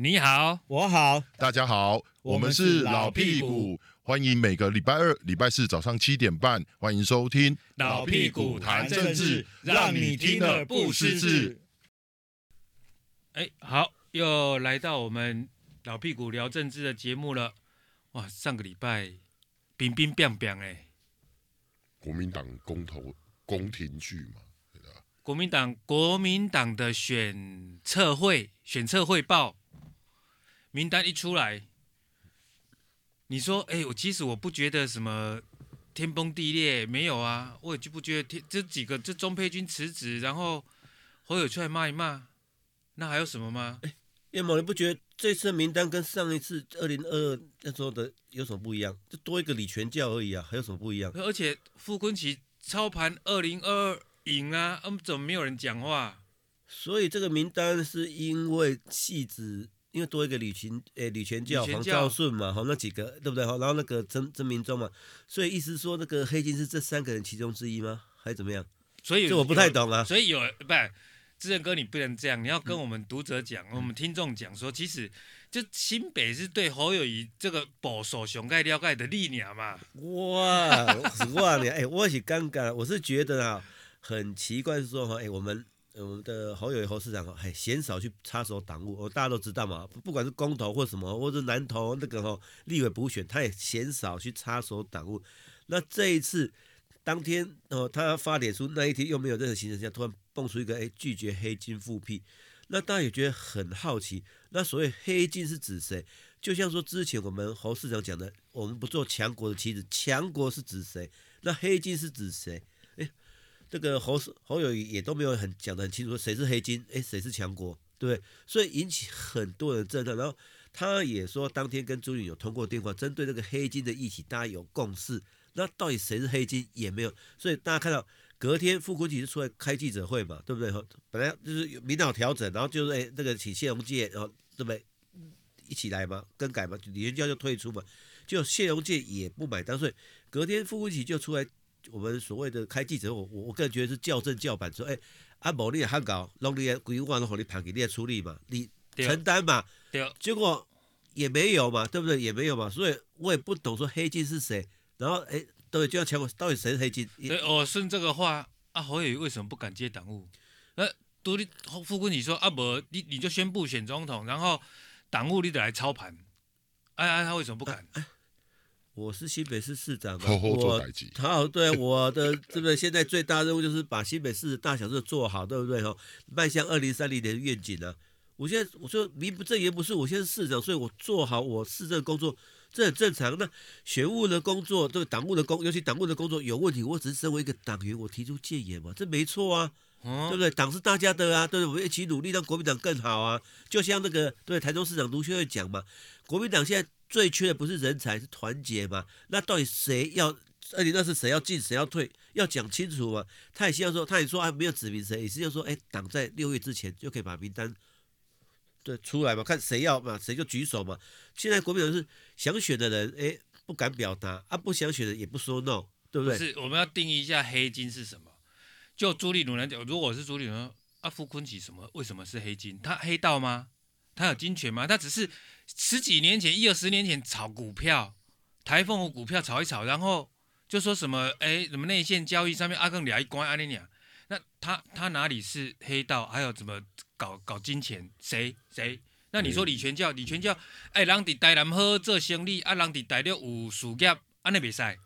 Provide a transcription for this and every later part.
你好，我好，大家好我，我們是老屁股，歡迎每個禮拜二、禮拜四早上七點半，歡迎收聽老屁、老屁股談政治，讓你聽得不失智。哎，好，又來到我們老屁股聊政治的節目了。哇，上個禮拜，冰冰冰冰、哎，國民黨公投宮廷劇嘛，國民黨國民黨的選策會，選策會報。名單一出來，你說，哎、欸，我其實我不覺得什麼天崩地裂，沒有啊，我也就不覺得天這幾個，這鍾佩君辭職，然後侯友出來罵一罵，那還有什麼嗎？哎、欸，葉某，你不覺得這次名單跟上一次二零二二那時候的有什麼不一樣？就多一個李全教而已啊，還有什麼不一樣？而且傅崐萁操盤二零二二贏啊，嗯，怎麼沒有人講話？所以這個名單是因為戲子。因為多一個李全，誒、欸，李全教、教黃昭順嘛，好，那幾個對不對？好，然後那個曾曾明宗嘛，所以意思說那個黑金是這三個人其中之一嗎？還是怎麼樣？所以我不太懂啊。所以有、所以有不，志正哥你不能這樣，你要跟我們讀者講、嗯，我們聽眾講說、嗯，其實就新北是對侯友宜這個保守熊概了解的歷年嘛。哇哇你，哎、欸，我是尷尬，我是覺得啊，很奇怪說哈，哎、欸，我們。嗯、我們的侯友宜侯市長哦，還鮮少去插手黨務。我，哦、大家都知道嘛，不管是公投或什麼，或者是南投那個哦，立委補選，他也鮮少去插手黨務。那這一次當天哦，他發臉書那一天又沒有任何行程，下突然蹦出一個哎、欸，拒絕黑金復辟。那大家也覺得很好奇。那所謂黑金是指誰？就像說之前我們侯市長講的，我們不做強國的棋子，強國是指誰？那黑金是指誰？這、那個侯侯友宜也都沒有很講得很清楚，誰是黑金？哎、欸，誰是強國？對不對？所以引起很多人震撼。然後他也說，當天跟朱立倫有通過電話，針對這個黑金的議題，大家有共識。那到底誰是黑金也沒有，所以大家看到隔天傅昆萁就出來開記者會嘛，對不對？本來就是有明了調整，然後就是哎、欸，那個請謝龍介，然後對不對？一起來嘛，更改嘛，李元嬌就退出嘛，就謝龍介也不買單，但所以隔天傅昆萁就出來。我們所謂的開記者，我我我個人覺得是較正較板，說哎，阿、欸、某、啊、你，你的漢堡攏你也規五萬攏火力盤給你出力嘛，你承擔嘛，對結果也沒有嘛對，對不對？也沒有嘛，所以我也不懂說黑金是誰。然後哎，對、欸，就要前過到底誰是黑金？對我順這個話，阿侯友宜為什麼不敢接黨務？呃，獨立副官、啊、你說阿某你你就宣布選總統，然後黨務你得來操盤，哎、啊、哎、啊，他為什麼不敢？啊啊我是新北市市長、啊呵呵，我好，好、對、啊、我的這個 現在最大任務就是把新北市的大小事做好，對不對？吼，邁向二零三零年的願景呢、啊？我現在我說名不正言不順，我現在是市長，所以我做好我市政工作，這很正常。那選務的工作，對黨務的工，尤其黨務的工作有問題，我只是身為一個黨員，我提出建言嘛，這沒錯啊、嗯，對不對？黨是大家的啊，對，對我們一起努力讓國民黨更好啊。就像那個對，對台中市長盧秀燕講嘛，國民黨現在。最缺的不是人才，是團結嘛？那到底誰要？那、啊、你那是誰要進，誰要退？要講清楚嘛？他也希望說，他也說還、啊、沒有指名誰，也是要說，哎、欸，黨在六月之前就可以把名單對出來嘛？看誰要嘛，誰就舉手嘛。現在國民黨是想選的人，哎、欸，不敢表達；啊，不想選的也不說 no，對不對？不是，我們要定義一下黑金是什麼。就朱立倫來講，如果是朱立倫，阿、啊、傅昆萁什麼？為什麼是黑金？他黑道嗎？他有金權嗎？他只是。十幾年前，一二十年前炒股票，台鳳和股票炒一炒，然後就說什麼，哎、欸，什麼內線交易上面阿更裡一關阿那倆，那他他哪裡是黑道，還有怎麼搞搞金錢，誰誰？那你說李全教，嗯、李全教，哎、欸，人在台南好做生意，啊，人在台南五事個安尼比賽？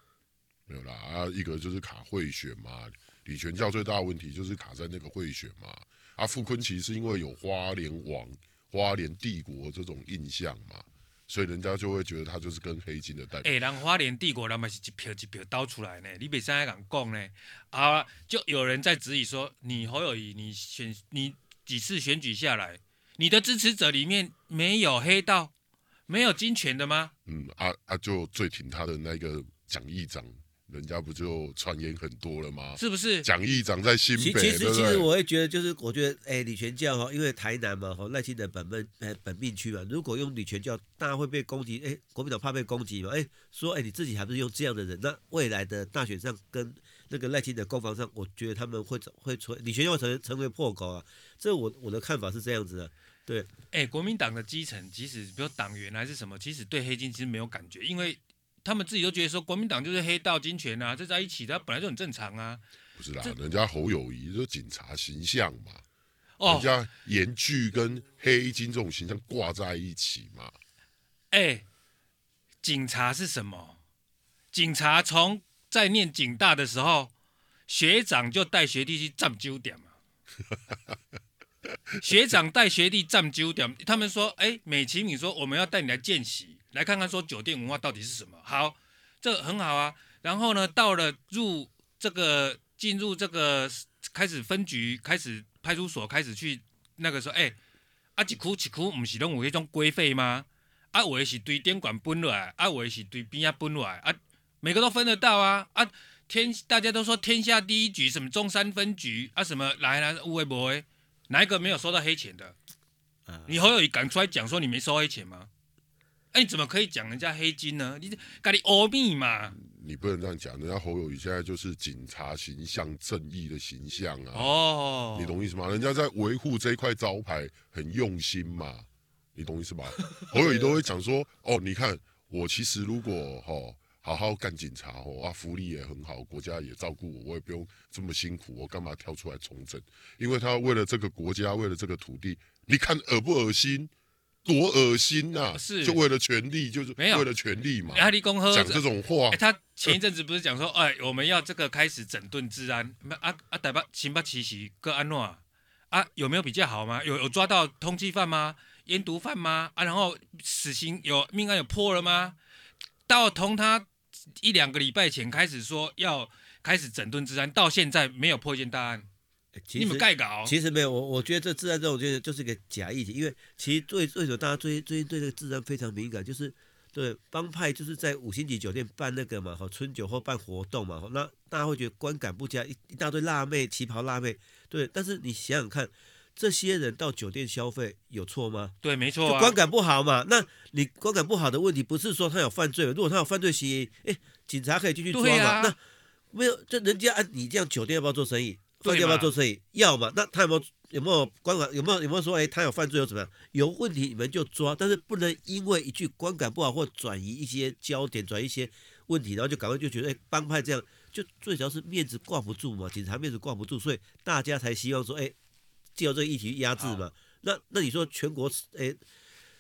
沒有啦，啊，一個就是卡賄選嘛，李全教最大的問題就是卡在那個賄選嘛，啊，傅崑萁是因為有花蓮王。花蓮帝國這種印象嘛，所以人家就會覺得他就是跟黑金的代表。誒、欸，人花蓮帝國，人嘛是一票一票倒出來呢、欸，你別生硬講呢。啊，就有人在質疑說，你侯友宜，你選你幾次選舉下來，你的支持者裡面沒有黑道、沒有金權的嗎？嗯，啊啊，就最挺他的那個蔣義章。人家不就傳言很多了嗎？是不是？蔣議長在新北，其實，其實，對對其實我會覺得，就是我覺得，哎、欸，李全叫教，因為台南嘛，賴清德本本本命區嘛，如果用李全教，大家會被攻擊。哎、欸，國民黨怕被攻擊嘛？哎、欸，說，哎、欸，你自己還不是用這樣的人？那未來的大選上跟那個賴清德攻防上，我覺得他們會會從李全教成成為破口啊。這我我的看法是這樣子的。對，哎、欸，國民黨的基層，即使比如黨員還是什麼，其實對黑金其實沒有感覺，因為。他們自己都覺得說，國民黨就是黑道金權啊，這在一起的、啊，他本來就很正常啊。不是啦，人家侯友宜就警察形象嘛，哦、人家嚴峻跟黑金這種形象掛在一起嘛。哎、欸，警察是什麼？警察從在念警大的時候，學長就帶學弟去站酒點嘛、啊。 學長帶學弟站酒點，他們說，哎、欸，美其名說我們要帶你來見習。來看看，說酒店文化到底是什麼？好，這很好啊。然後呢，到了入這個進入這個開始分局，開始派出所，開始去那個說，哎，啊區一區不是都有那種規費嗎？啊，我是對電管分了，啊，我是對邊啊分了，啊，每個都分得到啊啊！天，大家都說天下第一局，什麼中山分局啊，什麼來來烏龜伯伯，哪一個沒有收到黑錢的？你侯友宜敢出來講說你沒收黑錢嗎？哎、欸，你怎麼可以講人家黑金呢？你搞你歐米嘛？你不能這樣講，人家侯友宜現在就是警察形象、正義的形象啊！哦，你懂意思嗎？人家在維護這一塊招牌，很用心嘛，你懂意思嗎？ 侯友宜都會講說：哦，你看我其實如果哦，好好幹警察哦，啊，福利也很好，國家也照顧我，我也不用這麼辛苦，我幹嘛跳出來重整？因為他為了這個國家，為了這個土地，你看惡不惡心？多惡心啊，是，就為了權力，就是沒有為了權力嘛。阿迪公喝講這種話，哎，他前一陣子不是講說，哎，我們要這個開始整頓治安。阿阿戴巴辛巴奇奇哥安諾啊，有沒有比較好嗎？有有抓到通緝犯嗎？煙毒犯嗎？啊，然後死刑有命案有破了嗎？到同他一兩個禮拜前開始說要開始整頓治安，到現在沒有破一件大案。你們蓋稿，其實沒有我，我覺得這治安這種就是就是一個假議題因為其實對，為什麼大家最近最近對這個治安非常敏感，就是對幫派就是在五星級酒店辦那個嘛，哈，春酒或辦活動嘛，那大家會覺得觀感不佳，一一大堆辣妹旗袍辣妹，對，但是你想想看，這些人到酒店消費有錯嗎？對，沒錯、啊，就觀感不好嘛，那你觀感不好的問題不是說他有犯罪，如果他有犯罪嫌疑，哎、欸，警察可以進去抓嘛，啊、那沒有，這人家按你這樣酒店要不要做生意？要不要做生意，要嘛那他有沒有有沒有觀感有沒有有沒有說誒、欸，他有犯罪又怎麼樣，有問題你們就抓，但是不能因為一句觀感不好或轉移一些焦點，轉移一些問題，然後就趕快就覺得誒，幫、欸、派這樣，就最主要是面子掛不住嘛，警察面子掛不住，所以大家才希望說哎借、欸、由這個議題壓制嘛。那那你說全國誒、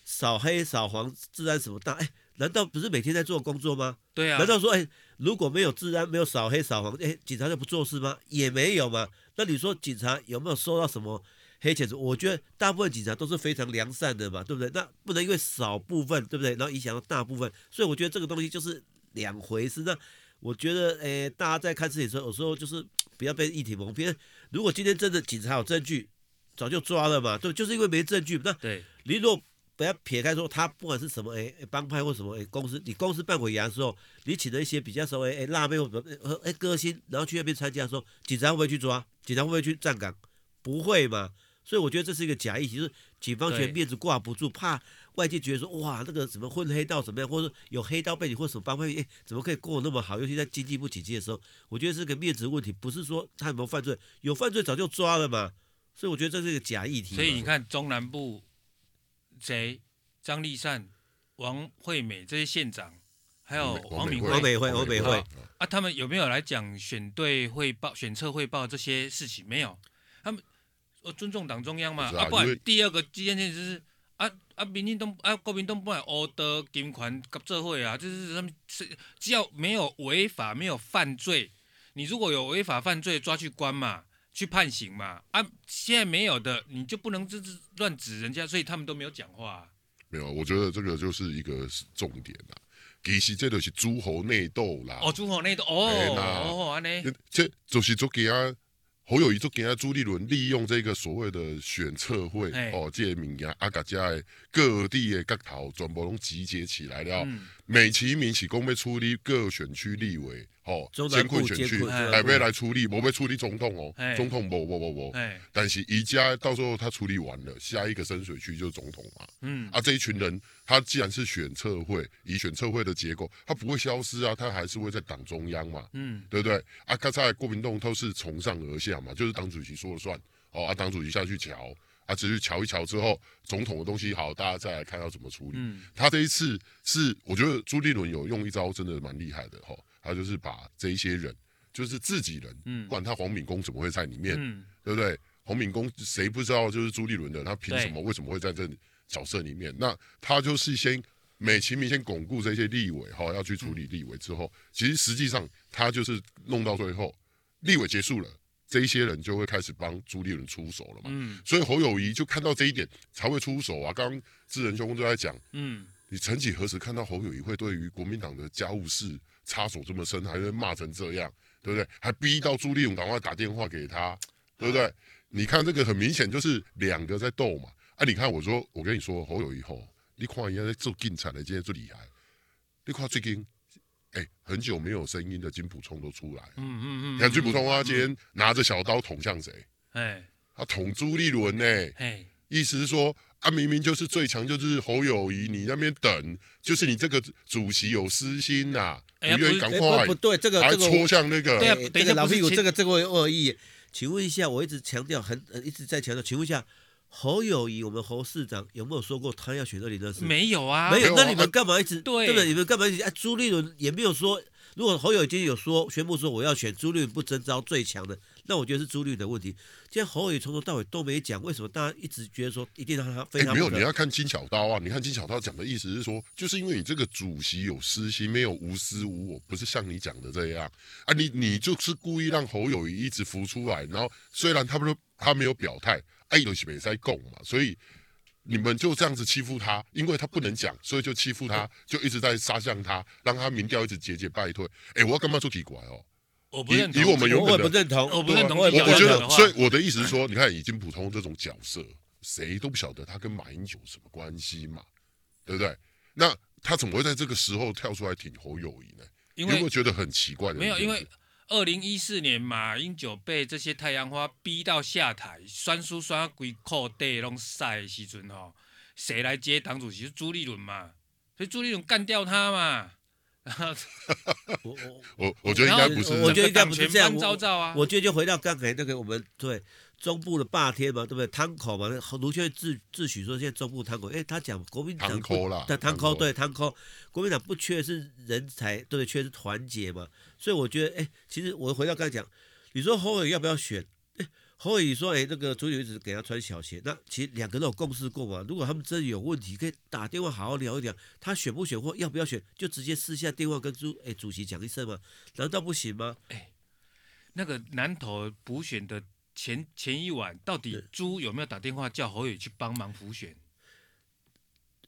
掃、欸、黑掃黃治安什麼大誒、欸，難道不是每天在做工作嗎？對啊，難道說哎？欸如果沒有治安，沒有掃黑掃黃，誒，警察就不做事嗎？也沒有嘛。那你說警察有沒有收到什麼黑錢？我覺得大部分警察都是非常良善的嘛，對不對？那不能因為少部分，對不對？然後影響到大部分。所以我覺得這個東西就是兩回事。那我覺得，誒，大家在看事情的時候，有時候就是不要被議題蒙蔽。如果今天真的警察有證據，早就抓了嘛，對不對？就是因為沒證據。那對，你如不要撇開說他不管是什麼誒、哎、幫派或什麼誒、哎、公司。你公司辦尾牙的時候，你請了一些比較稍微誒辣妹或者誒、哎、歌星，然後去那邊參加的時候，警察會不會去抓？警察會不會去站崗？不會嘛？所以我覺得這是一個假議題，就是警方覺得面子掛不住，怕外界覺得說哇那個怎麼混黑道怎麼樣，或者有黑道背景或者什麼幫派，誒、哎，怎麼可以過得那麼好？尤其在經濟不景氣的時候，我覺得是個面子的問題，不是說他有沒有犯罪，有犯罪早就抓了嘛。所以我覺得這是一個假議題。所以你看中南部。誰？張麗善、王惠美這些縣長，還有黃敏惠、歐北惠、歐北惠啊，他們有沒有來講選對會報、選策會報這些事情？沒有，他們我尊重黨中央嘛。啊，啊不，第二個今天就是啊啊，啊民進黨啊，國民黨不買歐的金權搞社會啊，就是他們是只要沒有違法、沒有犯罪，你如果有違法犯罪，抓去關嘛。去判刑嘛？啊，現在沒有的，你就不能就是亂指人家，所以他們都沒有講話、啊。沒有，我覺得這個就是一個重點啦。其實這就是諸侯內鬥啦。哦，諸侯內鬥哦，哦，那哦，哦，安尼這就是做給他侯友宜，做給他朱立倫利用這個所謂的選策會哦，這個啊、這些名額阿卡加各地的各頭全部攏集結起來了，嗯、美其名是講要處理各選區立委，吼，兼顧選區，哎，要來處理，不會處理總統哦，總統不不不不，但是宜家到時候他處理完了，下一個深水區就是總統嘛，嗯，啊這一群人，他既然是選策會，以選策會的結構，他不會消失啊，他還是會在黨中央嘛，嗯，對不對？啊，剛才國民黨都是從上而下嘛，就是黨主席說了算，哦，啊，黨主席下去喬。啊，只是瞧一瞧之後，總統的東西好，大家再來看要怎麼處理。嗯、他這一次是，我覺得朱立倫有用一招，真的蠻厲害的哈。他就是把這一些人，就是自己人，嗯、不管他黃敏公怎麼會在裡面，嗯、對不對？黃敏公誰不知道就是朱立倫的？他憑什麼？為什麼會在這角色裡面？那他就是先美其名，先鞏固這些立委哈，要去處理立委之後，嗯、其實實際上他就是弄到最後，立委結束了，這一些人就會開始幫朱立倫出手了嘛、嗯，所以侯友宜就看到這一點才會出手啊。剛剛智仁兄都在講，嗯，你曾幾何時看到侯友宜會對於國民黨的家務事插手這麼深，還會罵成這樣，對不對？還逼到朱立倫趕快打電話給他、嗯，對不對？你看這個很明顯就是兩個在鬥嘛。啊，你看我說，我跟你說，侯友宜吼，你看人家在做警察的今天最厲害，你看最近。欸、很久沒有聲音的金溥聰都出來了。嗯嗯嗯，嗯，溥聰、啊，今天拿着小刀捅向誰？哎、嗯，他、啊、捅朱立倫呢、欸。哎、欸，意思是說，啊，明明就是最強，就是侯友宜，你那邊等，就是你這個主席有私心吶、啊，不願意趕快。不，快、欸、不，不對，這個、這個、還戳向那個，欸欸、這個老屁股這個這個惡意。請問一下，我一直強調，很、呃、一直在強調，請問一下。侯友宜，我們侯市長有沒有說過他要選李德勝？沒有啊，沒有。那你們幹嘛一直？啊、對，不對，你們幹嘛一直？哎、啊，朱立倫也沒有說。如果侯友宜今天有說，宣布說我要選朱立倫，不徵召最強的，那我覺得是朱立倫的問題。既然侯友宜從頭到尾都沒講，為什麼大家一直覺得說一定讓他非常好？哎、欸，沒有，你要看金小刀啊。你看金小刀講的意思是說，就是因為你這個主席有私心，沒有無私無我，不是像你講的這樣。啊，你你就是故意讓侯友宜一直浮出來，然後雖然他不說，他沒有表態。沒、哎，就是，嘛，所以你們就這樣子欺負他，因為他不能講，所以就欺負他、嗯，就一直在殺向他、嗯，讓他民調一直節節敗退。哎、欸，我要幹嘛？做奇拐哦，我不認同以，以我們永遠不認同，我不認同我我。我覺得，所以我的意思是說，你看已經普通這種角色，誰都不曉得他跟馬英九什麼關係嘛，對不對？那他怎麼會在這個時候跳出來挺侯友宜呢？有沒有覺得很奇怪的？沒有，因為。二零一四年嘛，英九被這些太陽花逼到下台，酸蘇酸啊，規塊地攏晒的時陣吼，誰來接黨主席？朱立倫嘛，所以朱立倫幹掉他嘛。 我我我我覺得應該不是，我覺得應該不是這樣，我是這樣糟糟、啊我。我覺得就回到剛才那個我們對中部的霸天嘛，對不對？堂口嘛，盧秀燕自自詡說現在中部堂口，哎、欸，他講國民黨不但堂口對堂口，口，口，國民黨不缺是人才，對不對？缺是團結嘛。所以我覺得，哎、欸，其實我回到剛才講，你說侯友宜要不要選？侯乙說：“哎、欸，那個主席一直給他穿小鞋，那其實兩個人有共事過嘛。如果他們真的有問題，可以打電話好好聊一聊。他選不選或要不要選，就直接私下電話跟朱哎、欸、主席講一聲嘛，難道不行嗎？”哎、欸，那個南投補選的前前一晚，到底朱有沒有打電話叫侯乙去幫忙補選？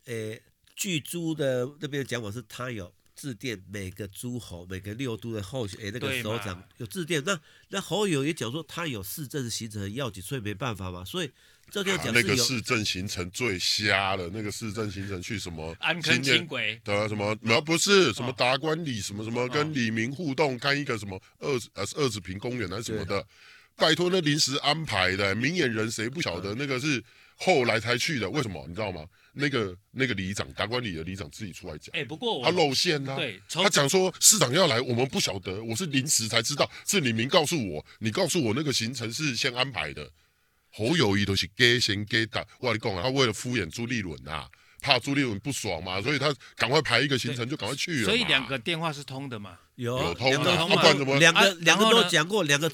哎、欸，據朱的那邊講，我是他有。致電每個諸侯、每個六都的後哎那個首長有致電，那那侯友也講說他有市政行程要緊，所以沒辦法嘛，所以這個、啊、那個市政行程最瞎了，那個市政行程去什麼安坑輕軌的什麼，不、啊、不是什麼達官里什麼什麼，什麼跟李明互動，看一個什麼二呃二子坪公園還是什麼的，拜託那臨時安排的，明眼人誰不曉得、啊、那個是後來才去的，為什麼你知道嗎？那個那個里長，達官里的里長自己出來講，哎、欸，不過他露餡啦、啊。對，他講說市長要來，我們不曉得，我是臨時才知道，是李明告訴我，你告訴我那個行程是先安排的。侯友宜都是給先給的，我跟你講啊，他為了敷衍朱立倫啊，怕朱立倫不爽嘛，所以他趕快排一個行程就趕快去了。所以兩個電話是通的嘛？有、啊，有通的、啊。不管怎麼？兩個兩個都講過，兩個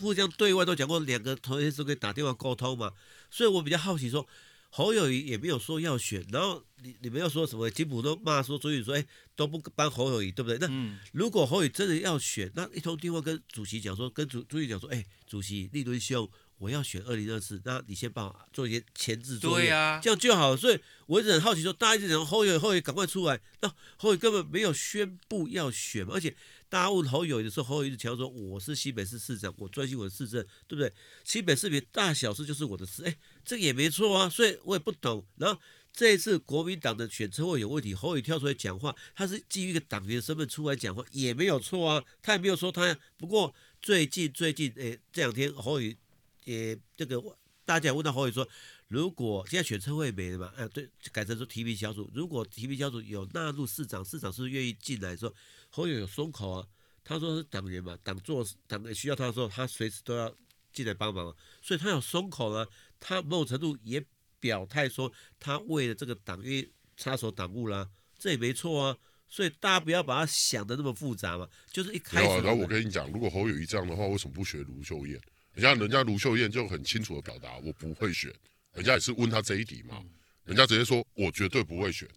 互相對外都講過，兩、啊、個同時都可以打電話溝通嘛。所以我比較好奇說。侯友宜也沒有說要選，然後你你們又說什麼？吉普都罵說，朱宇說，哎，都不幫侯友宜，對不對？那如果侯宜真的要選，那一通電話跟主席講說，跟主、主席講說，哎，主席立倫兄，我要選二零二四，那你先幫我做一些前置作業，對啊、這樣就好。所以我一直很好奇說，說大家一直講侯友宜侯友宜趕快出來，那侯友根本沒有宣布要選嘛，而且大家問侯友宜的時候，侯友宜一直強調說，我是新北市市長，我專心我的市政，對不對？新北市民大小事就是我的事，哎。這個、也沒錯啊，所以我也不懂。然後這一次國民黨的選策會有問題，侯友宜跳出來講話，他是基於一個黨員身份出來講話，也沒有錯啊。他也沒有說他。不過最近最近，哎、欸，這兩天侯友宜也、欸、這個大家問到侯友宜說，如果現在選策會沒了嘛，哎、呃，對，改成說提名小組，如果提名小組有納入市長，市長是，是願意進來？說侯友宜有鬆口啊，他說是黨員嘛，黨做黨需要他的時候，他隨時都要進來幫忙，所以他有鬆口啊。他某種程度也表態說，他為了這個黨，因為插手黨務啦、啊，這也沒錯啊。所以大家不要把他想的那麼複雜嘛。就是一開始就沒有、啊，然後我跟你講，嗯、如果侯友宜這樣的話，為什麼不學盧秀燕？人家人家盧秀燕就很清楚的表達，我不會選。人家也是問他這一題嘛，嗯、人家直接說，我絕對不會選。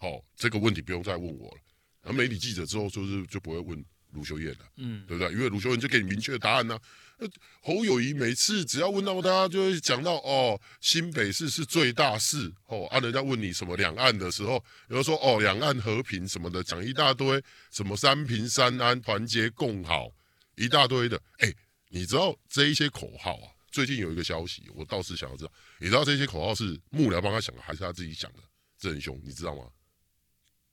好、哦，這個問題不用再問我了。然後媒體記者之後就是就不會問。盧秀燕的、啊，嗯，對不對？因為盧秀燕就給你明確的答案呢、啊。侯友宜每次只要問到他，就會講到哦，新北市是最大市哦。啊，人家問你什麼兩岸的時候，然後說哦，兩岸和平什麼的，講一大堆，什麼三平三安團結共好，一大堆的。哎，你知道這一些口號啊。最近有一個消息，我倒是想要知道，你知道這些口號是幕僚幫他想的，還是他自己想的？這很兇，你知道嗎？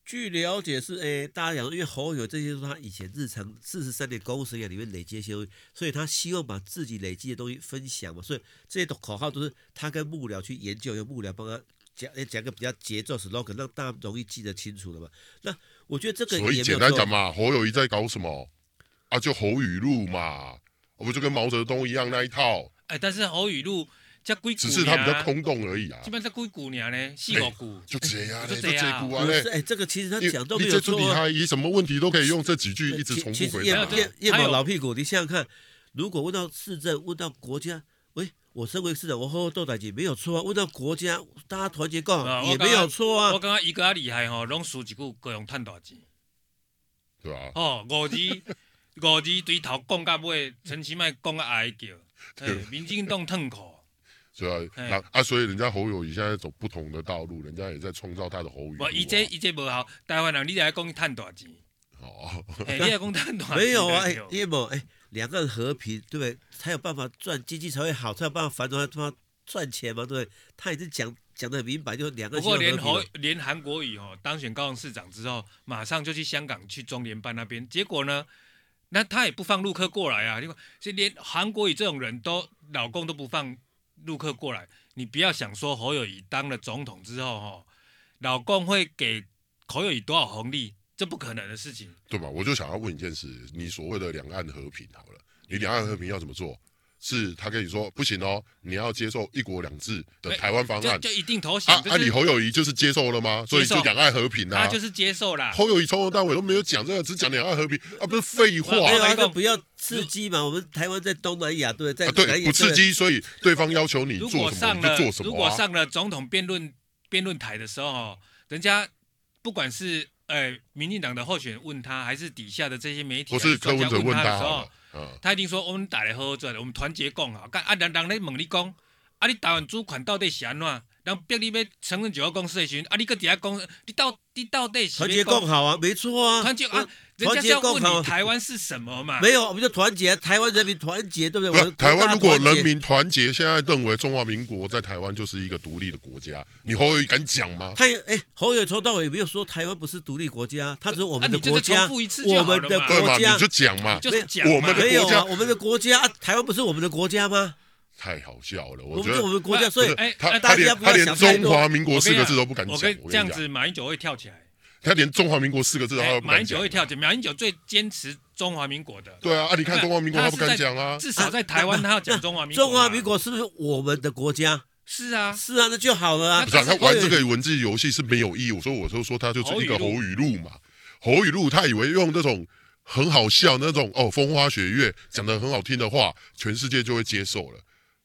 據了解是哎、欸，大家講因為侯友宜這些，是他以前日常四十三年公務生涯裡面累積一些東西，所以他希望把自己累積的東西分享嘛，所以這些的口號都是他跟幕僚去研究，用幕僚幫他講，哎，講個比較節奏 slogan，讓大家容易記得清楚的嘛。那我覺得這個所以簡單講嘛，侯友宜在搞什麼啊？就侯語錄嘛，我們就跟毛澤東一樣那一套。哎、欸，但是侯語錄。這啊、只是他比較空洞而已啊，基本只龜骨爾呢四五句，欸，就這呀，欸欸，就這骨啊咧。哎，啊，這個其實他講都沒有錯，你以，欸，什麼問題都可以用這幾句一直重複回來，啊。葉葉葉某老屁股，你想想看，哎，如果問到市政，問到國家，喂，我身為市長，我好好做代志，沒有錯啊。問到國家，大家團結共，啊、也沒有錯啊。我感覺伊較厲害哦，攏說一句，各種貪大錢，對啊，哦，五字 五字對頭，講到尾，陳其邁講到哀叫，對，民進黨痛苦。是啊，欸、啊，所以人家侯友宜現在走不同的道路，人家也在創造他的侯語、啊。哇，一節一節不好，台灣人你來講去賺大錢。好、哦，葉公賺大錢。沒有啊，哎、因葉某，哎，兩岸和平，對不對？才有辦法賺經濟才會好，才有辦法繁榮，才有辦法賺錢嘛，對不對？他也是講講得很明白，就兩個。不過連侯連，連韓國瑜哦，當選高雄市長之後，馬上就去香港去中聯辦那邊，結果呢，那他也不放陸客過來啊，結果就連韓國瑜這種人都老公都不放陸客過來，你不要想說侯友宜當了總統之後吼，老公會給侯友宜多少紅利，這不可能的事情，對吧？我就想要問一件事，你所謂的兩岸和平好了，你兩岸和平要怎麼做？是他跟你說不行哦，你要接受一國兩制的台灣方案，就，就一定投降。啊，那、就、你、是啊啊、侯友宜就是接受了嗎？所以就兩岸和平、啊、他就是接受了。侯友宜從頭到尾都沒有講這個，只講兩岸和平啊，不是廢話、啊。還有一個不要刺激嘛，我們台灣在東南亞對、啊、對，在不刺激，所以對方要求你做什麼你就做什麼、啊。如果上了總統辯論辯論台的時候，人家不管是哎、呃，民進黨的候選人問他，還是底下的這些媒體、是記者、啊、問他哦、他已經說我們大家好好做，我們團結共好。噶啊人，人咧問你講，啊你台灣主權到底是安怎？人逼你要承認九二共識的時陣，啊你擱佇遐講，你到底你到底是？團結共好啊，沒錯啊，團結啊。嗯團結共和，台灣是什麼，欸啊、嘛，嘛，嘛，嘛？沒有，我們就團結台灣人民團結，對不對？台灣如果人民團結，現在認為中華民國在台灣就是一個獨立的國家，侯友宜敢講嗎？他，哎，侯友宜從頭到尾沒有說台灣不是獨立國家，他只是我們的國家，我們的國家，你就講嘛，就是講，我們的國家，台灣不是我們的國家嗎？太好笑了，我覺得，我們是我們國家，所以，哎、欸，他連“他連他連中華民國”四個字都不敢講。這樣子，馬英九會跳起來。他連中華民國四個字，馬英九會跳起來？馬英九最堅持中華民國的。對啊，啊、啊，你看中華民國他不敢講啊、啊、啊。至少在台灣，他要講中華民國。中華民國是不是我們的國家？是啊，是啊，那就好了啊。不是，啊，他玩這個文字遊戲是沒有意義。我說，我就說，他就是一個侯語錄嘛，侯語錄，他以為用這種很好笑那種哦風花雪月講的很好聽的話，全世界就會接受了。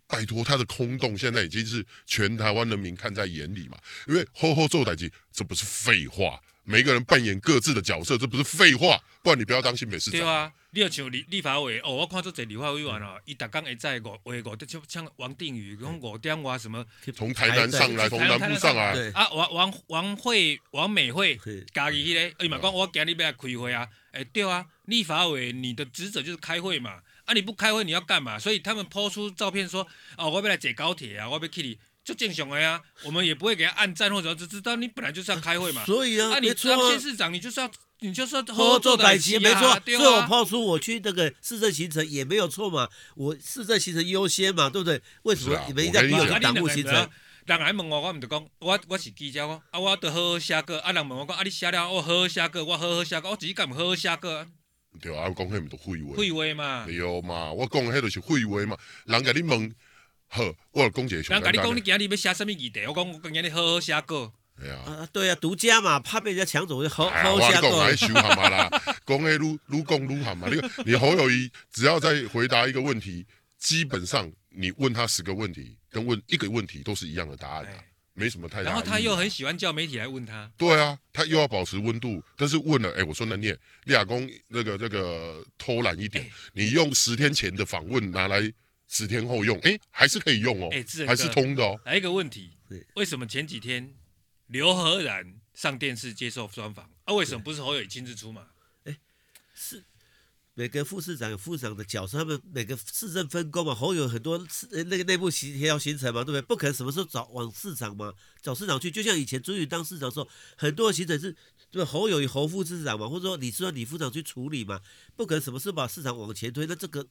拜託，他的空洞現在已經是全台灣人民看在眼裡嘛。因為後後做代誌，這不是廢話。每個人扮演各自的角色，這不是廢話，不然你不要當新北市長。對啊，你要像立立法委哦，我看到一個立法委完了，伊逐工會在五五五，就像王定宇講五點話什麼。從台南上來，從南，南部上來。對啊，王王王慧王美慧家己去、那、嘞、個，哎媽，講我今日要來開會啊！哎、欸，對啊，立法委你的職責就是開會嘛，啊，你不開會你要幹嘛？所以他們拋出照片說，哦，我要來坐高鐵啊，我要去你。就正常的呀、啊，我們也不會給他按讚或者只知道你本來就是要開會嘛，啊、所以啊，那、啊、你出當縣市長，你就是要，你就是要好好做代誌，沒錯，最後、啊、拋出我去那個市政行程也沒有錯嘛、啊，我市政行程優先嘛，對不對？為什麼你們在一定要有個黨務行程？啊啊、人還問我，我唔得講，我我是記者我啊，我得好好寫稿，啊，人家問我講，啊，你寫了，我好好寫稿，我，我好好寫稿，我自己幹嘛好好寫稿啊？對啊，我講迄唔着廢話，廢話嘛，對嘛，我講的迄個是廢話嘛、嘛、啊、嘛，人家你問。嗯呵，我公姐兄弟。對呀、啊，獨家嘛，怕被人家搶走，就、哎、好好寫過。來修好嗎啦？公 A 錄錄公錄好嗎？那個你，你侯友宜，只要再回答一個問題， 基本上你問他十個問題，跟問一個問題都是一樣的答案、啊哎、沒什麼太大、啊。然後他又很喜歡叫媒體來問他。對啊，他又要保持溫度，但是問了，哎、欸，我念念說那你倆公那個那、這個、這個、偷懶一點、欸，你用十天前的訪問拿來。十天後用，哎、欸，還是可以用哦，哎、欸，還是通的哦。還有一個問題，為什麼前幾天劉和然上電視接受專訪？啊，為什麼不是侯友宜親自出馬嘛？哎，是每個副市長有副市長的角色，他們每個市政分工嘛，侯友很多那個內部協調行程嘛，對不對？不可能什麼時候找往市長嘛，找市長去。就像以前朱立倫當市長的時候，很多行程是這個侯友與侯副市長嘛，或者說你春李副市長去處理嘛，不可能什麼事把市長往前推，那這個。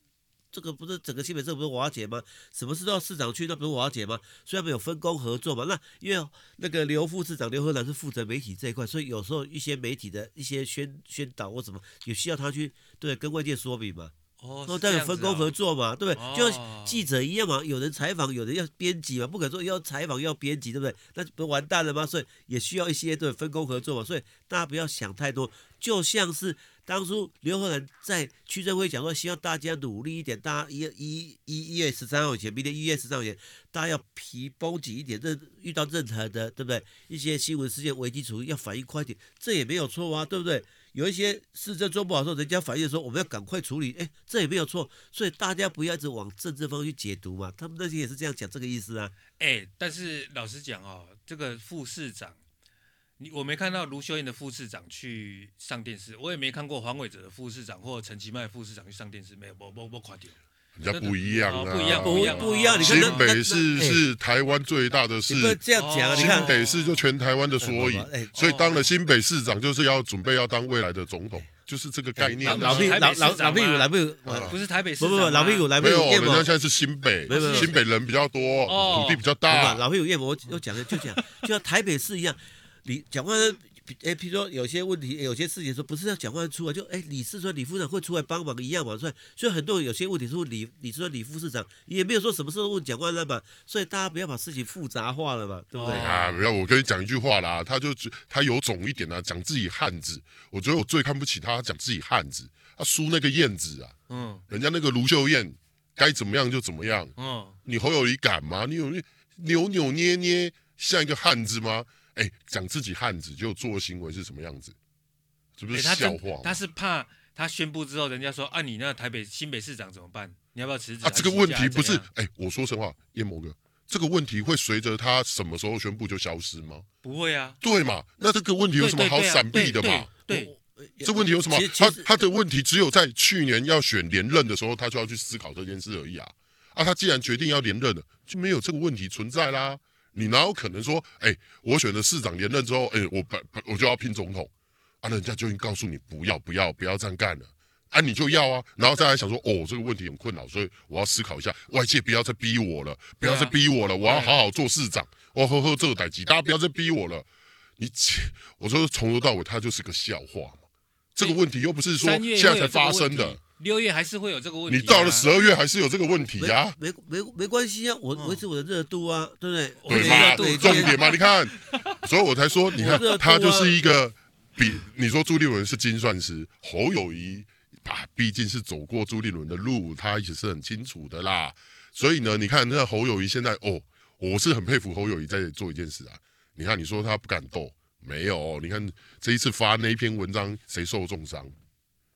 這個不是整個基本上不是瓦解嗎？什麼事都要市長去，那不是瓦解嗎？所以他們有分工合作嘛，那因為那個劉副市長劉和然是負責媒體這一塊，所以有時候一些媒體的一些宣宣導或什麼，也需要他去對跟外界說明嘛。哦，但是，哦，然分工合作嘛，對不對？哦，就像記者一樣嘛，有人採訪，有人要編輯嘛，不可能說要採訪要編輯，對不對？那不是完蛋了嗎？所以也需要一些對，對分工合作嘛，所以大家不要想太多。就像是當初劉和然在區政會講說，希望大家努力一點，大家一一一一月十三號以前，明天一月十三號以前，大家要皮繃緊一點，這遇到任何的，對不對？一些新聞事件、危機處理要反應快點，這也沒有錯啊，對不對？有一些市政做不好的時候，人家反映說我們要趕快處理，哎，這也沒有錯。所以大家不要一直往政治方去解讀嘛，他們那些也是這樣講這個意思啊。哎，但是老實講哦，這個副市長。你我沒看到盧秀燕的副市長去上電視，我也沒看過黃偉哲的副市長或陳其邁副市長去上電視，沒有，我我我誇張了，人家不一樣啊、哦不一樣哦，不一樣，不一樣，哦、不一樣，你看新北市是台灣最大的市，哦欸、不這樣講啊，你、哦、看新北市就全台灣的所以、哦，所以當了新北市長就是要準備要當未來的總統，欸、就是這個概念、啊。老屁股老老老屁股老屁股，老屁股、啊，不是台北市，市。不不，老屁股老屁股，有，有，人家現在是新北，新北人比較多，哦、較多土地比較大。老屁股我我講的就這樣，就像台北市一樣。你講話哎、欸，譬如說有些問題、欸、有些事情，說不是要講話出來，就哎，李四川李副市長會出來幫忙一樣嘛？所以，所以很多人有些問題說李李四川李副市長也沒有說什麼時候問講話了吧，所以大家不要把事情複雜化了嘛，對不對？啊，不要！我跟你講一句話啦，他就他有種一點啊，講自己漢子。我覺得我最看不起他,他講自己漢子。他輸那個燕子啊，嗯，人家那個盧秀燕、uh -huh. 該怎麼樣就怎麼樣，嗯，你侯友宜敢嗎？你有扭扭捏捏,捏像一個漢子嗎？哎，講自己漢子就做的行為是什麼樣子？是不是他笑話。他是怕他宣布之後，人家說啊，你那台北新北市長怎麼辦？你要不要辭職啊，啊？這個問題不是哎，我說實話，燕某哥，這個問題會隨着他什麼時候宣布就消失嗎？不會啊，對嘛？那，那這個問題有什麼好閃避的嘛？對，對對對，這問題有什麼？他他的問題只有在去年要選連任的時候，他就要去思考這件事而已啊！啊，他既然決定要連任了，就沒有這個問題存在啦。你哪有可能說，哎、欸，我選了市長連任之後，哎、欸，我不，我就要拼總統，啊，人家就已經告訴你不要，不要，不要這樣幹了，啊，你就要啊，然後再來想說，哦，這個問題很困擾，所以我要思考一下，外界不要再逼我了，不要再逼我了，啊我，要好好啊、我要好好做市長，我呵呵，這個歹勢，大家不要再逼我了，你，我說從頭到尾他就是個笑話嘛，這個問題又不是說現在才發生的。六月還是會有這個問題、啊，你到了十二月還是有這個問題呀、啊？沒沒沒，沒關係啊，我、哦、維持我的熱度啊，對不對？對嘛，熱度重點嘛， 你看，所以我才說，你看、啊、他就是一個比你說朱立倫是精算師，侯友宜啊，畢竟是走過朱立倫的路，他也是很清楚的啦。所以呢，你看那個侯友宜現在哦，我是很佩服侯友宜在做一件事啊。你看，你說他不敢鬥，沒有，你看這一次發那一篇文章，誰受重傷？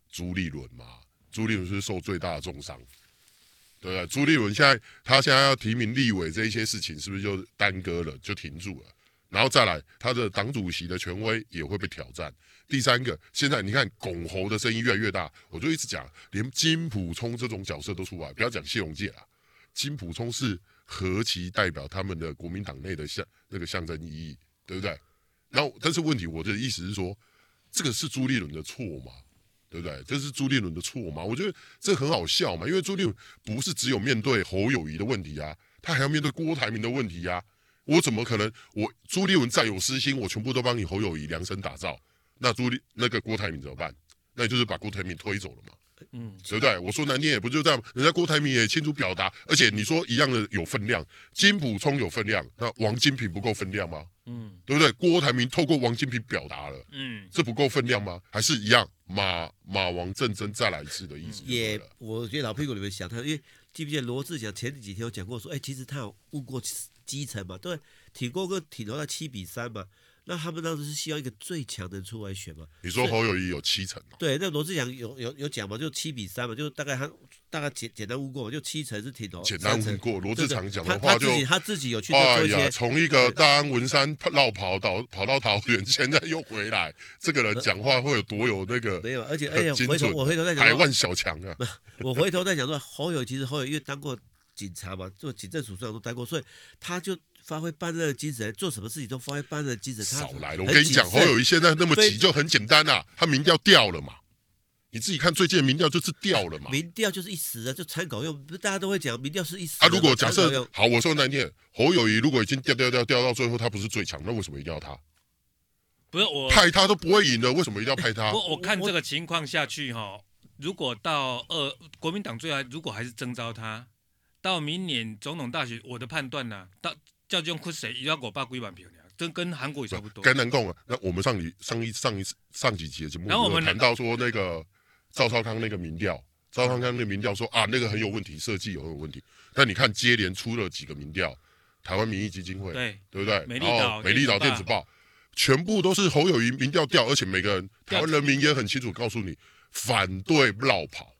朱立倫嘛。朱立倫是受最大的重傷，對不對？朱立倫現在他現在要提名立委這一些事情，是不是就耽擱了，就停住了？然後再來，他的黨主席的權威也會被挑戰。第三個，現在你看拱侯的聲音越來越大，我就一直講，連金溥聰這種角色都出來，不要講謝龍介了，金溥聰是何其代表他們的國民黨內的象那個象徵意義，對不對？然後，但是問題，我的意思是說，這個是朱立倫的錯嗎？對不對？這是朱立倫的錯嗎？我覺得這很好笑嘛，因為朱立倫不是只有面對侯友宜的問題啊，他還要面對郭台銘的問題呀、啊。我怎麼可能？我朱立倫再有私心，我全部都幫你侯友宜量身打造。那朱立那個郭台銘怎麼辦？那就是把郭台銘推走了嘛。嗯，對不對？我說難聽也不就這樣，人家郭台銘也清楚表達，而且你說一樣的有分量，金溥聰有分量，那王金平不夠分量嗎？嗯，對不對？郭台銘透過王金平表達了，嗯，這不夠分量嗎？還是一樣馬馬王政爭再來一次的意思？也，我覺得老屁股裡面想他，因為記不記得羅志祥前幾天有講過說，哎、欸，其實他有問過基層嘛，對，挺過個挺到的七比三嘛。那他們當時是需要一個最強的出來選嗎？你說侯友宜有七成嗎？對，那羅智強有有有講嘛？就七比三嘛？就大概他大概簡簡單無過，就七成是挺、哦、簡單無過羅智強講的話就，就他，他，他自己有去、哦、哎呀，從一個大安文山繞、啊、跑到、啊、跑到桃園，現在又回來，啊、這個人講話會有多有那個？沒有，而且而且、哎、回頭我回頭再講，台灣小強啊，我回頭再講說侯友 其實侯友因為當過警察嘛，做警政署長都待過，所以他就。發揮半熱精神，做什麼事情都發揮半熱精神。少來了，我跟你講，侯友宜現在那麼急，就很簡單吶、啊。他民調掉了嘛？你自己看，最近的民調就是掉了嘛。啊、民調就是一時的，就參考用，大家都會講，民調是一時啊。如果假設好，我說來念，侯友宜如果已經掉掉掉掉到最後，他不是最強，那為什麼一定要他？不是我派他都不會贏的，為什麼一定要派他？我看這個情況下去哈，如果到二、呃、國民黨最後，如果還是徵召他，到明年總統大選我的判斷呢、啊，到。叫用苦水，伊阿我爸鬼板平跟韓國也差不多。該難共啊！那我們上一上一上一次上幾集的節目，我們談到說那個趙少康那個民調，趙少康那個民調說啊，那個很有問題，設計很有問題。但你看接連出了幾個民調，台灣民意基金會對對不對？然後美麗島電，電子報，全部都是侯友宜民調調，而且每個人台灣人民也很清楚告訴你，反對鬧跑。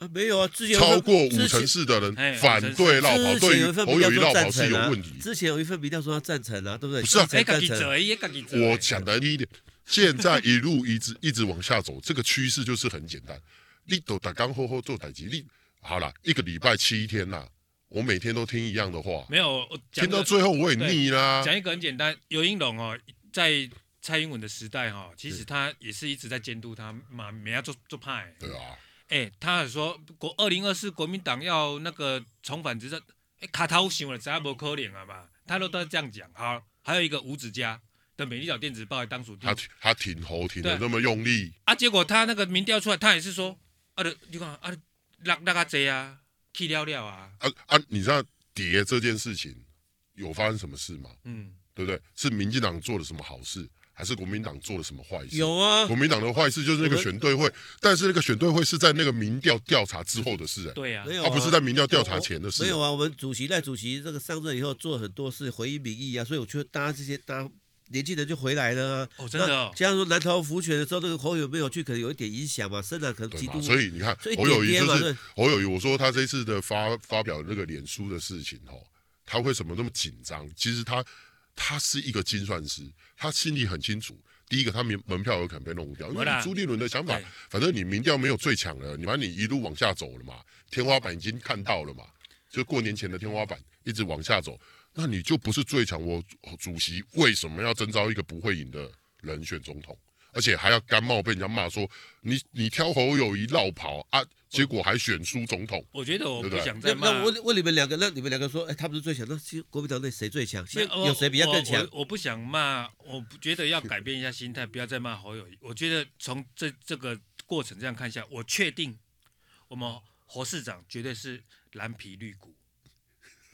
啊，沒有啊，之前有份，超過五成的人反對落跑，之前，對於侯友宜落跑是有問題。之前有一份民調說、啊啊、說要贊成啊，對不對？不是啊，以我講的那一點，現在一路一直 一直往下走，這個趨勢就是很簡單。你都打干吼吼做台機你好了，一個禮拜七天吶、啊，我每天都聽一樣的話，沒有，我講聽到最後我也膩啦、啊。講一個很簡單，游盈隆哦，在蔡英文的時代哈、哦，其實他也是一直在監督他嘛沒要做做派、欸，對啊。哎、欸，他還說國二零二四國民黨要那個重返執政，哎、欸，卡太無想了，實在無可能了嘛。他都都這樣講，好，還有一個吳子嘉的美麗島電子報當屬他他挺侯挺得那麼用力啊，結果他那個民調出來，他也是說，啊，你看啊，那那個誰啊，去了了，了了啊。啊，啊你知道疊這件事情有發生什麼事嗎？嗯，對不對？是民進黨做了什麼好事？還是國民黨做了什麼壞事？有啊，國民黨的壞事就是那個選對會，呃、但是那個選對會是在那個民調調查之後的事哎、欸，對啊，他、啊、不是在民調調查前的事、啊沒啊。沒有啊，我們主席賴主席這個上任以後做很多事回應民意啊，所以我覺得大家這些當年輕人就回來了哦，真的、哦。像說南投輔選的時候，這、那個侯友宜沒有去，可能有一點影響嘛，聲浪可能極度。所以你看一點點侯友宜就是，是，是侯友宜，我說他這次的發發表那個臉書的事情、哦、他為什麼那麼緊張？其實他。他是一個精算師，他心裡很清楚。第一個，他門門票有可能被弄掉，因為你朱立倫的想法，反正你民調沒有最強的，你把你一路往下走了嘛，天花板已經看到了嘛，就過年前的天花板一直往下走，那你就不是最強。我主席為什麼要徵召一個不會贏的人選總統？而且還要甘冒被人家罵說，你你挑侯友宜落跑啊，結果還選輸總統。我覺得我不想再罵。那我問你們兩個，那你們兩個說，哎、欸，他不是最強，那國民黨內誰最強？有誰比較更強？我不想罵，我覺得要改變一下心態，不要再罵侯友宜。我覺得從這這個過程這樣看一下，我確定我們侯市長絕對是藍皮綠骨。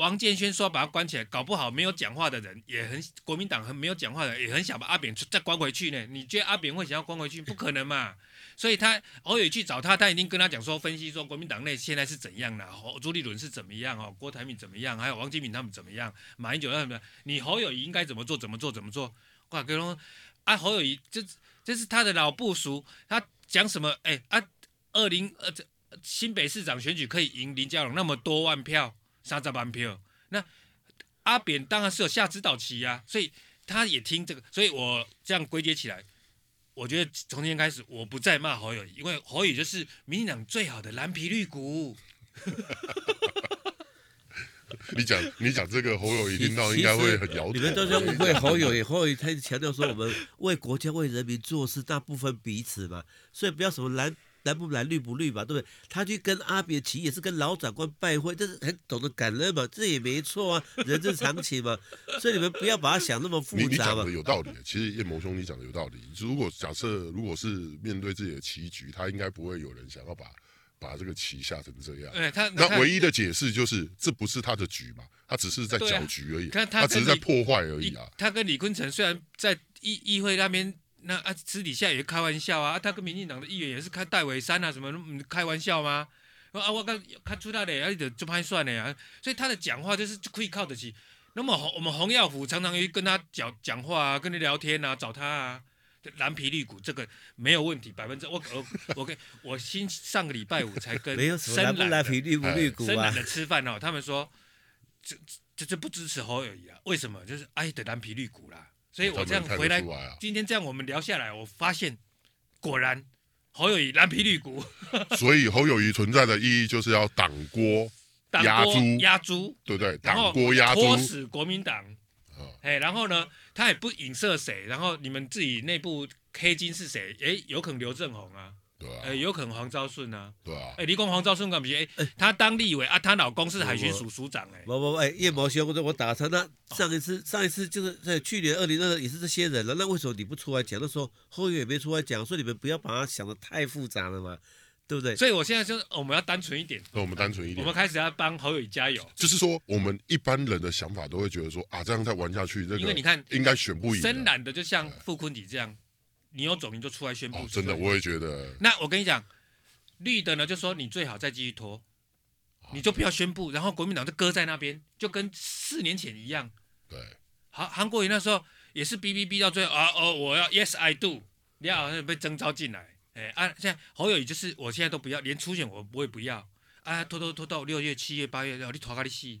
王建煊說：“把他關起來，搞不好沒有講話的人也很國民黨很沒有講話的人也很想把阿扁再關回去呢。你覺得阿扁會想要關回去？不可能嘛！ 所以他侯友宜去找他，他已經跟他講說，分析說國民黨內現在是怎樣了，侯朱立倫是怎麼樣哦，郭台銘怎麼樣，還有王金平他們怎麼樣，馬英九他們怎麼樣，你侯友宜應該怎麼做？怎麼做？怎麼做？哇，跟他說，啊，侯友宜，這是這是他的老部屬，他講什麼？哎、欸、啊，二零呃這新北市長選舉可以贏林佳龍那麼多萬票。”三張半票，那阿扁當然是有下指導棋呀，啊，所以他也聽這個，所以，我這樣歸結起來，我覺得從今天開始，我不再罵侯友宜，因為侯友宜就是民進黨最好的藍皮綠骨。 你講你講這個侯友宜聽到應該會很搖頭，啊。你們都是為侯友宜， 侯友宜他強調說，我們為國家為人民做事，那不分彼此嘛，所以不要什麼藍。藍不藍，綠不綠吧，對不對？他去跟阿扁的棋也是跟老長官拜會，這是很懂得感恩嘛，這也沒錯啊，人之常情嘛。 所以你們不要把他想那麼複雜嘛。有道理，其實葉謀兄你講的有道理。如果假設如果是面對自己的棋局，他應該不會有人想要把把這個棋下成這樣。哎，他，那，他那唯一的解釋就是這不是他的局嘛，他只是在攪局而已、哎他他，他只是在破壞而已啊。他跟李坤城雖然在議議會那邊。那私、啊、底下也開玩笑啊，啊他跟民進黨的議員也是開戴維山啊，什麼開玩笑嗎？啊啊啊、所以他的講話就是可以靠得起。那麼我們洪耀福常常也跟他講講話啊，跟你聊天啊，找他啊。藍皮綠骨，這個沒有問題，百分之我我我星期上個禮拜五才跟深。 沒有。藍皮綠骨綠骨、啊、藍的吃飯哦，他們說，這這這不支持侯友宜啊？為什麼？就是愛、啊、的藍皮綠骨啦。所以我這樣回來，今天這樣我們聊下來，我發現果然侯友宜藍皮綠骨，嗯，所以侯友宜存在的意義就是要擋鍋、壓豬、壓豬，對不對，對？擋鍋壓豬，拖死國民黨。哎，嗯，然後呢，他也不影射誰，然後你們自己內部黑金是誰？哎、欸，有可能劉政鴻啊。呃、啊，有可能黃昭順啊，對啊，哎，離過黃昭順干不？哎，他當立委啊，他老公是海巡署署長哎、欸。不不不，也無相關，我打他。那上一次，哦、上一次就是在去年二零二，也是這些人了。那為什麼你不出來講的時候，侯友宜也沒出來講，所以你們不要把他想得太複雜了嘛，對不對？所以我現在就是我們要單純一點。那我們單純一點。我們開始要幫侯友宜加油。就是說，我們一般人的想法都會覺得說啊，這樣再玩下去，那個、因為你看應該選不贏。深藍的就像傅崐萁這樣。你要走你就、哦、就出來宣布，真的，我也覺得。那我跟你講，綠的呢就說你最好再繼續拖，啊，你就不要宣布，然後國民黨就擱在那邊，就跟四年前一樣。對。韓韓國瑜那時候也是逼逼逼到最後啊哦，我要 yes I do，你要被徵召進來。哎啊，現在侯友宜就是我現在都不要，連初選我不會不要。啊，拖拖拖到六月、七月、八月，然後你拖到你死，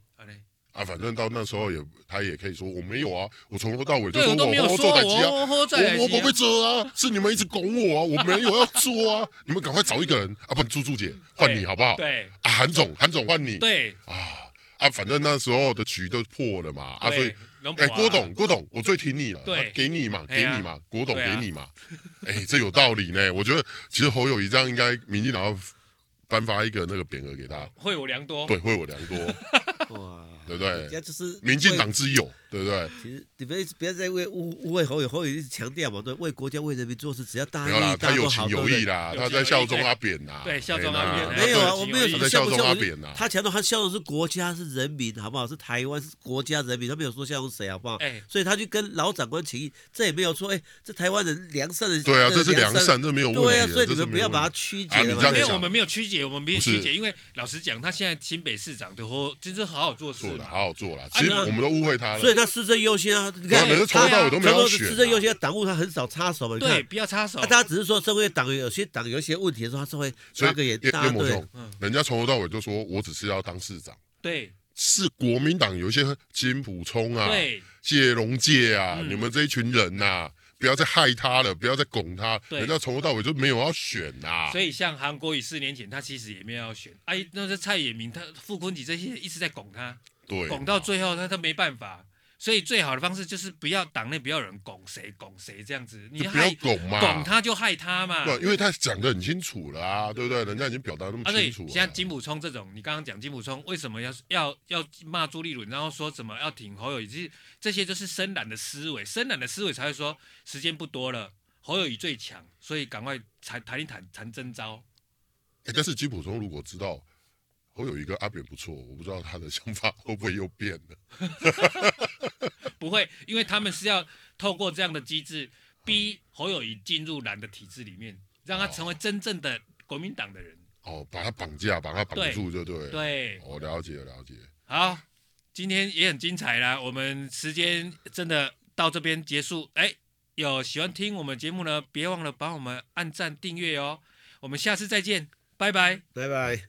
啊，反正到那時候也，他也可以說我沒有啊，我從頭到尾就說、啊、我說我坐在機啊，我不會做啊，喝喝啊 是你們一直拱我啊，我沒有要做啊， 你們趕快找一個人啊，不，朱朱姐換你好不好？對啊，韓總，韓總換你，對啊啊，反正那時候的局都破了嘛，對啊，所以哎、啊欸，郭董，郭董，我最聽你了，對，啊、給你嘛，給你嘛，郭、啊、董給你嘛，哎、啊欸，這有道理呢，我覺得其實侯友宜這樣應該民進黨頒發一個那個匾額給他，惠我良多，對，惠我良多，哇。 對不對？就是民進黨之友。對不對？其實你們不要再誤誤會侯友侯友一直強調嘛，對，為國家為人民做事，只要大義。沒有啦，他有情有義啦,啦,啦,、欸、啦，他在效忠阿扁吶，對，效忠阿扁。沒有啊，我們沒有在說他效忠阿扁吶。他強調他效忠是國家是人民，好不好？是台灣是國家人民，他沒有說效忠誰，好不好？哎、欸，所以他就跟老長官情誼，這也沒有說。哎、欸，這台灣人良善的，對啊，這是良善，這沒有問題。對啊，所以你們不要把它曲解了。沒有，我們沒有曲解，我們沒有曲解，因為老實講，他現在新北市長都好，真是好好做事。做了，好好做了。其實我們都誤會他，所那市政優先啊，你看，從頭到尾都沒有、啊啊、市政優先、啊，黨務他很少插手嘛。對，不要插手。他，他只是說，這為黨有些黨有一些問題的時候，他是會。這個也冤人家從頭到尾就說，我只是要當市長。對。是國民黨有一些金溥聰啊、對謝龍介啊、嗯，你們這一群人吶、啊，不要再害他了，不要再拱他。對。人家從頭到尾就沒有要選吶、啊。所以，像韓國瑜四年前他、啊，年前他其實也沒有要選。哎、啊，那是蔡衍明他、他傅崐萁這些一直在拱他。對。拱到最後，他他沒辦法。所以最好的方式就是不要黨內不要有人拱誰拱誰這樣子，你不要拱嘛，拱他就害他嘛。對，因為他講得很清楚了啊，對不對？人家已經表達那麼清楚。啊，像金溥聰這種，你剛剛講金溥聰為什麼要要要罵朱立倫，然後說什麼要挺侯友宜，這些這些就是深藍的思維，深藍的思維才會說時間不多了，侯友宜最強，所以趕快談談一談談徵召。哎，但是金溥聰如果知道。我有一個阿扁不錯，我不知道他的想法會不會又變了 。 不會，因為他們是要透過這樣的機制，逼侯友宜進入藍的體制裡面，讓他成為真正的國民黨的人。哦，把他綁架，把他綁住就對，對。對，我、哦、了解了，了解。好，今天也很精彩啦。我們時間真的到這邊結束。哎、欸，有喜歡聽我們節目呢，別忘了幫我們按讚訂閱哦。我們下次再見，拜拜，拜拜。